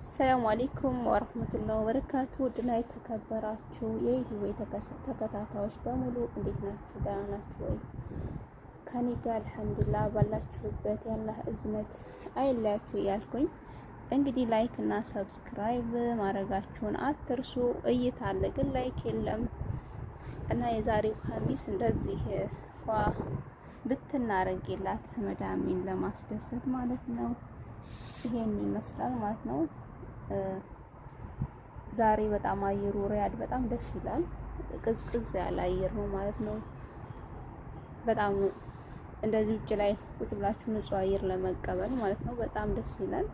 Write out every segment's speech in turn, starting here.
አሰላሙ አሌይኩም ወረህመቱላህ ወበረካቱ ድና የተከበራችሁ የዩቲዩብ ተከታታዮች በሙሉ እንዴት ናችሁ? ደህና ናችሁ ወይ? ከኔ ጋር አልሐምዱሊላህ። ባላችሁበት ያላህ እዝነት አይለያችሁ እያልኩኝ እንግዲህ ላይክ እና ሰብስክራይብ ማድረጋችሁን አትርሱ። እይታ አለ ግን ላይክ የለም እና የዛሬው ሀሚስ እንደዚህ ፏ ብትናረጌላት መዳሜን ለማስደሰት ማለት ነው። ይሄን ይመስላል ማለት ነው። ዛሬ በጣም አየሩ ሪያድ በጣም ደስ ይላል። ቅዝቅዝ ያለ አየር ነው ማለት ነው። በጣም እንደዚህ ውጭ ላይ ቁጭ ብላችሁ ንጹህ አየር ለመቀበል ማለት ነው። በጣም ደስ ይላል።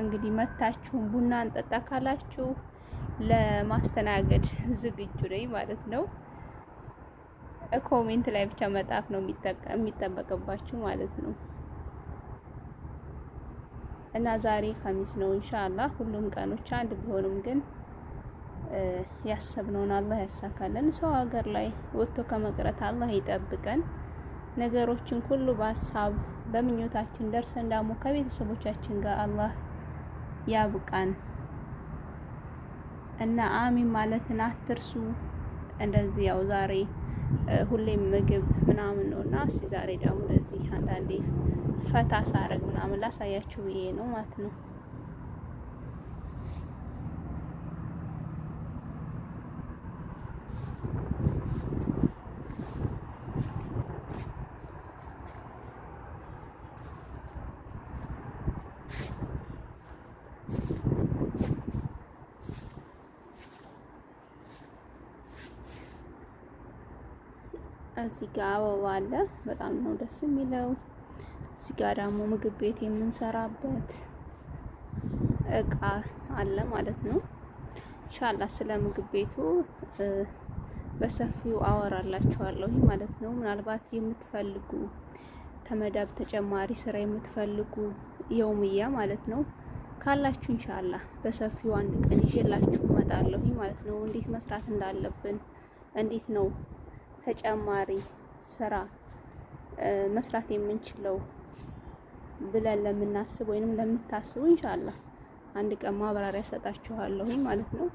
እንግዲህ መታችሁን ቡና እንጠጣ ካላችሁ ለማስተናገድ ዝግጁ ነኝ ማለት ነው። ኮሜንት ላይ ብቻ መጣፍ ነው የሚጠበቅባችሁ ማለት ነው። እና ዛሬ ከሚስ ነው ኢንሻአላህ። ሁሉም ቀኖች አንድ ቢሆኑም ግን ያሰብነውን አላህ ያሳካለን። ሰው ሀገር ላይ ወጥቶ ከመቅረት አላህ ይጠብቀን። ነገሮችን ሁሉ በሀሳብ በምኞታችን ደርሰን ደግሞ ከቤተሰቦቻችን ጋር አላህ ያብቃን እና አሚን ማለትን አትርሱ። እንደዚህ ያው ዛሬ ሁሌም ምግብ ምናምን ነው እና እስቲ ዛሬ ደግሞ እንደዚህ አንዳንዴ ፈታ ሳረግ ምናምን ላሳያችሁ ብዬ ነው ማለት ነው። እዚህ ጋር አበባ አለ። በጣም ነው ደስ የሚለው። እዚህ ጋር ደግሞ ምግብ ቤት የምንሰራበት እቃ አለ ማለት ነው። ኢንሻአላህ ስለ ምግብ ቤቱ በሰፊው አወራላችኋለሁ ማለት ነው። ምናልባት የምትፈልጉ ተመዳብ ተጨማሪ ስራ የምትፈልጉ የውምያ ማለት ነው ካላችሁ ኢንሻአላህ በሰፊው አንድ ቀን ይዤላችሁ እመጣለሁ ማለት ነው። እንዴት መስራት እንዳለብን እንዴት ነው ተጨማሪ ስራ መስራት የምንችለው ብለን ለምናስብ ወይንም ለምታስቡ ኢንሻአላህ አንድ ቀን ማብራሪያ ሰጣችኋለሁ ማለት ነው።